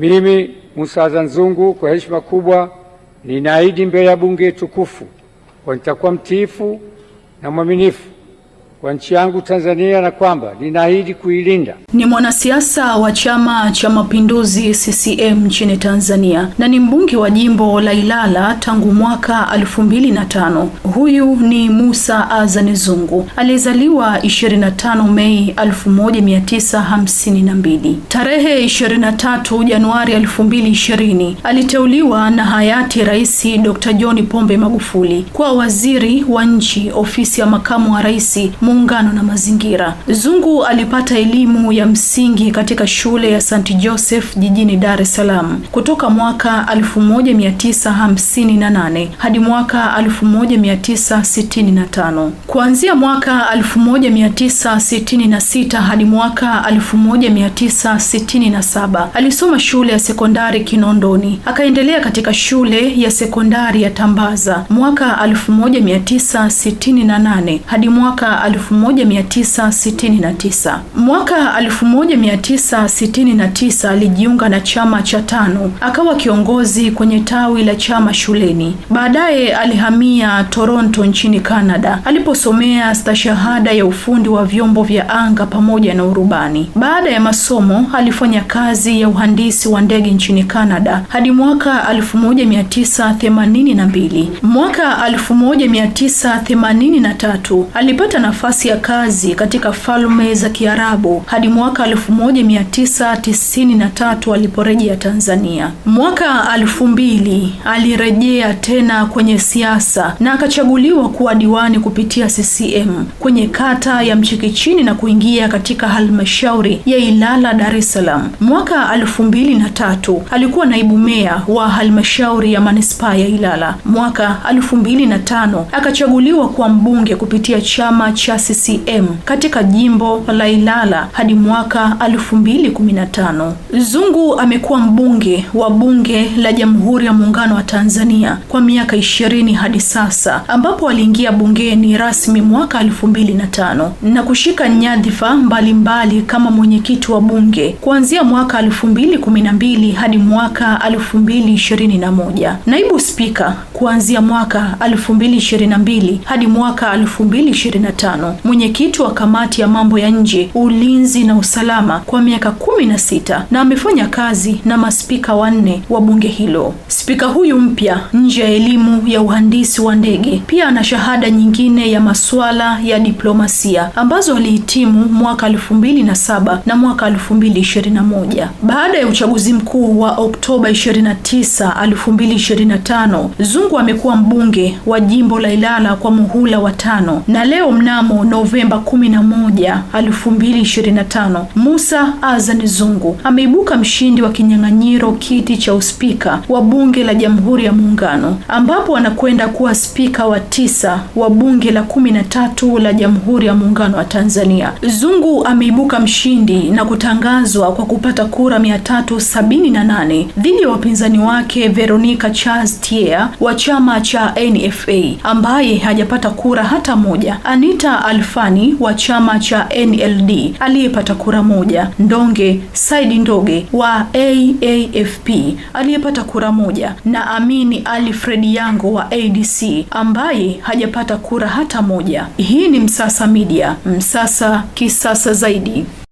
Mimi Musa Azzan Zungu kwa heshima kubwa ninaahidi mbele ya bunge tukufu kuwa nitakuwa mtiifu na mwaminifu kwa nchi yangu Tanzania na kwamba ninaahidi kuilinda. Ni mwanasiasa wa Chama cha Mapinduzi CCM nchini Tanzania na ni mbunge wa jimbo la Ilala tangu mwaka elfu mbili na tano. Huyu ni Musa Azani Zungu aliyezaliwa 25 Mei 1952. Tarehe 23 Januari 2020 aliteuliwa na hayati Rais Dr. John Pombe Magufuli kuwa waziri wa nchi ofisi ya makamu wa rais muungano na mazingira. Zungu alipata elimu ya msingi katika shule ya St. Joseph jijini Dar es Salaam kutoka mwaka 1958 hadi mwaka 1965. Kuanzia mwaka 1966 hadi mwaka 1967 alisoma shule ya sekondari Kinondoni, akaendelea katika shule ya sekondari ya Tambaza mwaka 1968 hadi mwaka 1969. Mwaka 1969 alijiunga na chama cha tano, akawa kiongozi kwenye tawi la chama shuleni. Baadaye alihamia Toronto nchini Canada aliposomea stashahada ya ufundi wa vyombo vya anga pamoja na urubani. Baada ya masomo alifanya kazi ya uhandisi wa ndege nchini Canada hadi mwaka 1982. Mwaka 1983 alipata nafasi nafasi ya kazi katika Falme za Kiarabu hadi mwaka 1993 aliporejea Tanzania. Mwaka 2000 alirejea tena kwenye siasa na akachaguliwa kuwa diwani kupitia CCM kwenye kata ya Mchikichini na kuingia katika halmashauri ya Ilala, Dar es Salaam. Mwaka 2003 alikuwa naibu meya wa halmashauri ya manispaa ya Ilala. Mwaka 2005 akachaguliwa kuwa mbunge kupitia chama cha CCM katika jimbo la Ilala hadi mwaka 2015. Zungu amekuwa mbunge wa bunge la Jamhuri ya Muungano wa Tanzania kwa miaka ishirini hadi sasa ambapo aliingia bungeni rasmi mwaka 2005 na kushika nyadhifa mbalimbali kama mwenyekiti wa bunge kuanzia mwaka 2012 hadi mwaka 2021, naibu spika kuanzia mwaka 2022 hadi mwaka 2025 mwenyekiti wa kamati ya mambo ya nje, ulinzi na usalama kwa miaka kumi na sita na amefanya kazi na maspika wanne wa bunge hilo. Spika huyu mpya, nje ya elimu ya uhandisi wa ndege, pia ana shahada nyingine ya masuala ya diplomasia ambazo alihitimu mwaka elfu mbili na saba na mwaka elfu mbili ishirini na moja. Baada ya uchaguzi mkuu wa Oktoba 29, 2025, Zungu amekuwa mbunge wa jimbo la Ilala kwa muhula wa tano na leo mnamo mnamo Novemba 11, 2025, Musa Azan Zungu ameibuka mshindi wa kinyang'anyiro kiti cha uspika wa bunge la Jamhuri ya Muungano, ambapo anakwenda kuwa spika wa tisa wa bunge la 13 la Jamhuri ya Muungano wa Tanzania. Zungu ameibuka mshindi na kutangazwa kwa kupata kura 378 dhidi ya wapinzani wake Veronica Charles Tier wa chama cha NFA ambaye hajapata kura hata moja, Anita Alfani wa chama cha NLD aliyepata kura moja, Ndonge Saidi Ndoge wa AAFP aliyepata kura moja, na Amini alfred Yango wa ADC ambaye hajapata kura hata moja. Hii ni Msasa Media, Msasa kisasa zaidi.